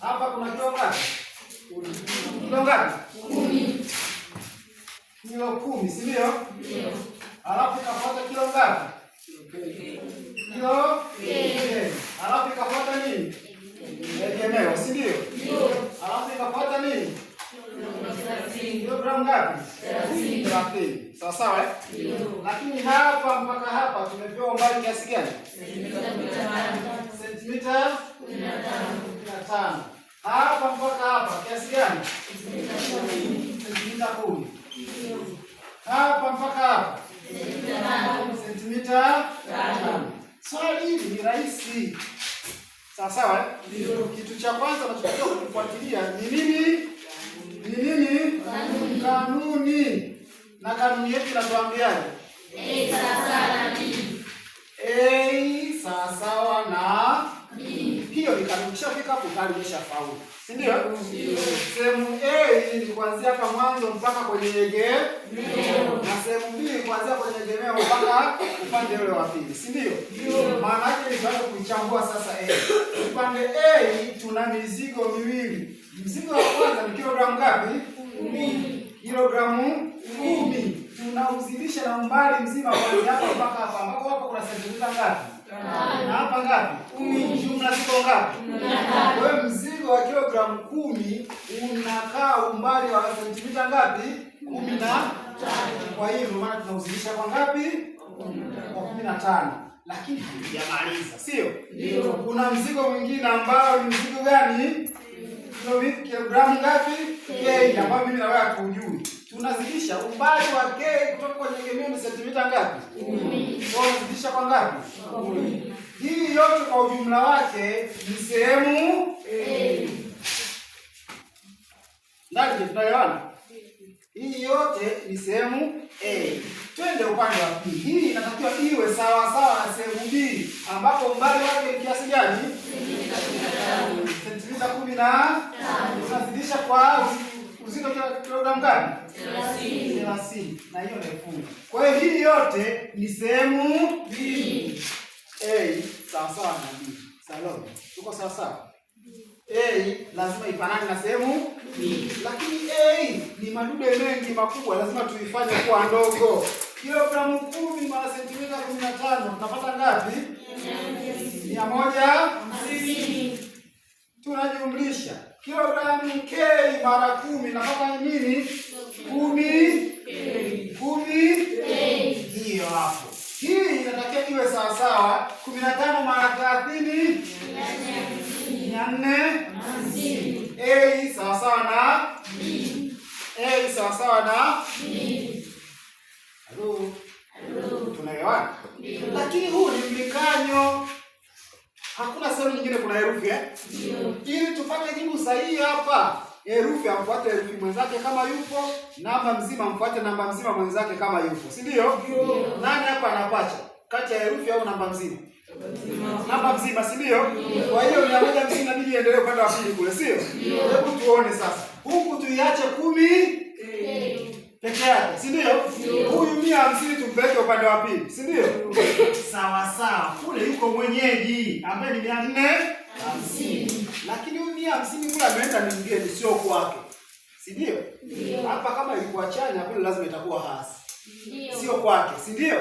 Hapa kuna kilo ngapi? Kilo ngapi? Kilo kumi, si ndio? sawa sawa, eh? lakini hapa mpaka hapa tumepewa umbali kiasi gani? sentimita kumi na tano. Hapa mpaka hapa kiasi gani? sentimita kumi. Hapa mpaka hapa sentimita tano. Swali hili ni rahisi, sawa sawa. eh? Kitu cha kwanza tunachotakiwa kufuatilia ni nini? Ni nini? Kanuni na kanuni yetu inatuambiaje? A sawasawa na na Hiyo ni kanuni, fika hapo tayari umeshafaulu, si ndio? Sehemu A ni kuanzia kwa mwanzo mpaka kwenye egemeo, na sehemu B kuanzia kwenye egemeo mpaka upande ule wa pili, si ndio? Maana yake ni tuanze kuichambua sasa A. Upande A tuna mizigo miwili. Mzigo wa kwanza ni kilogramu ngapi? 10. Kilogramu tunauzidisha na umbali mzima kuanzia hapa mpaka hapa, ambako hapa kuna sentimita ngapi na hapa ngapi? Kumi. Jumla ziko ngapi? Wewe mzigo wa kilogramu kumi unakaa umbali wa sentimita ngapi? kumi na tano. Kwa hivyo maana tunauzidisha kwa ngapi? kwa kumi na tano lakini hatujamaliza, sio? Kuna mzigo mwingine ambao ni mzigo gani? kilogramu ngapi? Kei, ambayo mimi na wewe hatujui unazidisha umbali wa k kutoka kwenye egemeo ni sentimita ngapi? Kwa Unazidisha kwa ngapi? Hii yote kwa ujumla wake ni sehemu ndani. Tunaelewana? Hii yote ni sehemu A. Twende upande wa B. Hii inatakiwa iwe sawa sawa na sehemu B ambapo umbali wake ni kiasi gani? Sentimita kumi na tano. Tunazidisha kwa uzito kilogramu gani? 30. 30. Na hiyo ni fungu. Kwa hiyo hii yote ni sehemu B. A sawa sawa na B. Sawa. Tuko sawa sawa. A lazima ifanane na sehemu B. Lakini A ni madude mengi makubwa, lazima tuifanye kuwa ndogo. Kilogramu 10 mara sentimita 15 tunapata ngapi? 150. Tunajumlisha kilogramu k mara kumi nafanya nini? Kumi kumi, hiyo hapo. Hii inatakiwa iwe sawasawa kumi na tano mara thelathini mia nne hamsini. A sawasawa na A sawasawa na sehemu nyingine kuna herufi eh? Ili tupate jibu sahihi hapa, herufi amfuate herufi mwenzake kama yupo, namba mzima amfuate namba mzima mwenzake kama yupo, si ndio? Nani hapa anapacha kati ya herufi au namba mzima? Namba mzima, si ndio? Kwa hiyo mia moja hamsini inabidi iendelee upande wa pili kule, sio? Hebu tuone sasa, huku tuiache kumi peke yake, si ndio? Huyu mia hamsini tumpeleke upande wa pili, si ndio? Sawa sawa, kule yuko mwenyeji ambaye ni mia nne hamsini, lakini huyu mia hamsini kule ameenda ni mgeni, sio kwake, si ndio? Hapa kama ilikuwa chanya kule lazima itakuwa hasi, sio kwake, si ndio?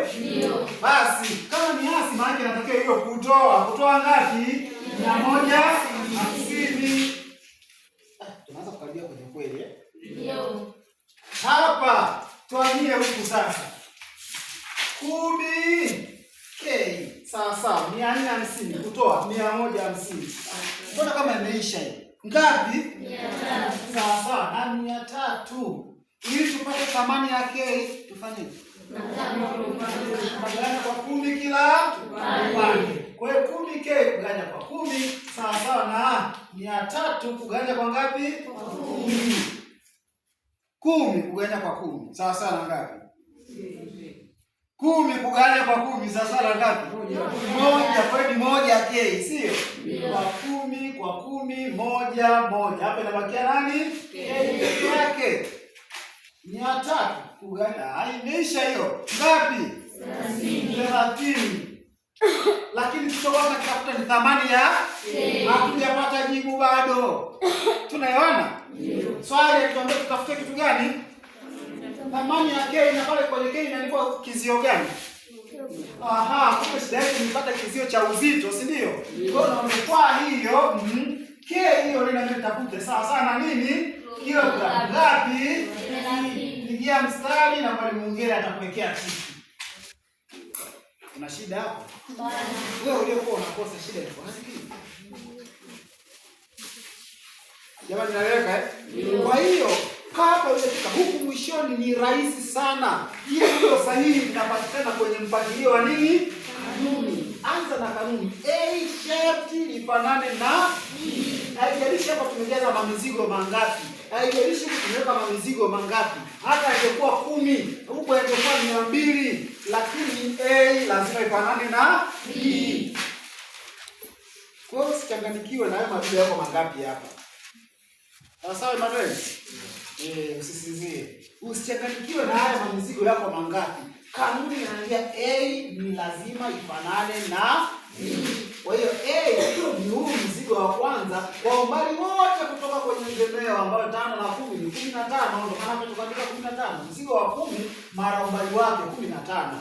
Basi kama ni hasi, maana inatakiwa hiyo kutoa kutoa ngapi? mia moja hamsini. hapa, tuamie huku sasa. Kumi k sawa sawa, mia nne hamsini kutoa mia moja hamsini mbona kama imeisha hii ngapi? Sawa sawa na mia tatu ili tupate thamani ya k tufanye kugawanya kwa kumi kila upande. Kwa hiyo kumi k kugawanya kwa kumi sawa sawa na mia tatu kugawanya kwa ngapi? Kumi kugawanya kwa kumi sawa sawa na ngapi? Kumi kugawanya kwa kumi sawa sawa na ngapi? Moja. Kwa hiyo ni moja k, sio kwa kumi kwa kumi, moja moja, hapa inabakia nani? K yake ni tatu kugawanya, ah, imeisha hiyo. Ngapi? thelathini lakini tutakuwa tunatafuta ni thamani ya hatujapata jibu bado. Tunaiona swali, tuambie tutafute kitu gani? thamani ya gei na pale kwenye gei inaandikwa kizio gani? Aha, kumbe shida yake nipata kizio cha uzito, si ndio? Kwa hiyo nimekwa hiyo mm, K hiyo ni nani nitafute sawa sawa na nini? Kilogramu ngapi? Nigia mstari na mwalimu mwingine atakuwekea kitu. Una shida hapo? Wewe uliokuwa unakosa shida ni kwa nini? Jamani naweka eh? Kwa hiyo kama ambayo ni rahisi sana. Hiyo ndio sahihi inapatikana kwenye mpangilio wa nini? Kanuni. Anza na kanuni. A sharti lifanane na B. Haijalishi hapa tumejaza mamizigo mangapi. Haijalishi tumeweka mamizigo mangapi. Hata ingekuwa kumi, huko ingekuwa mia mbili, lakini A lazima ifanane na B. Kwa hiyo usichanganyikiwe na hayo mazigo yako mangapi hapa. Sawa, Emmanuel? Eh, usisizie. Usichanganyikiwe na haya mamizigo yako mangapi. Kanuni inaambia A ni lazima ifanane na B. Kwa hiyo A ni huu mzigo wa kwanza kwa umbali wote kutoka kwenye ngemeo ambayo tano na kumi ni kumi na tano ndio maana kumi na tano. Mzigo wa kumi mara umbali wake kumi na tano.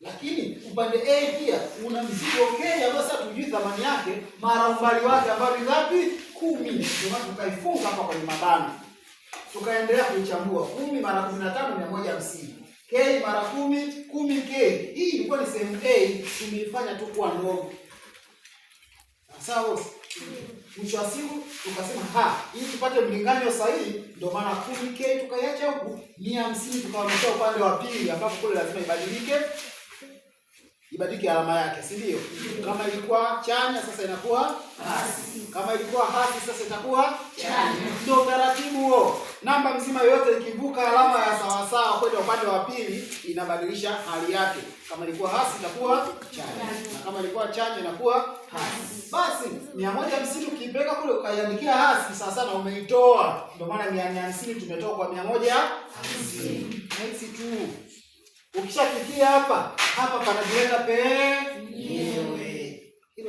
Lakini upande A pia una mzigo K ambao sasa tujui thamani yake mara umbali wake ambao ni ngapi? Kumi. Ndio maana tukaifunga hapa kwenye mabano tukaendelea kuichambua kumi mara kumi na tano mia moja hamsini k mara kumi kumi k. Hii ilikuwa ni sehemu a, tumeifanya tu kuwa ndogo, sawa. Mwisho wa siku tukasema ha, ili tupate mlinganyo sahihi, ndio maana kumi k tukaiacha huku, mia hamsini tukaonyesha upande wa pili, ambapo kule lazima ibadilike ibadilike alama yake, si ndio? Kama ilikuwa chanya sasa inakuwa hasi, kama ilikuwa hasi sasa itakuwa chanya. Ndio taratibu huo namba mzima yoyote ikivuka alama ya sawasawa kwenda upande wa pili inabadilisha hali yake. Kama ilikuwa hasi inakuwa chanya, na kama ilikuwa chanya inakuwa hasi. Basi mia moja hamsini kule ukaiandikia hasi, sawa sana, umeitoa. Ndio maana mia hamsini tumetoa kwa mia moja hamsini naisi tu. Ukishafikia hapa hapa panajienda penyewe.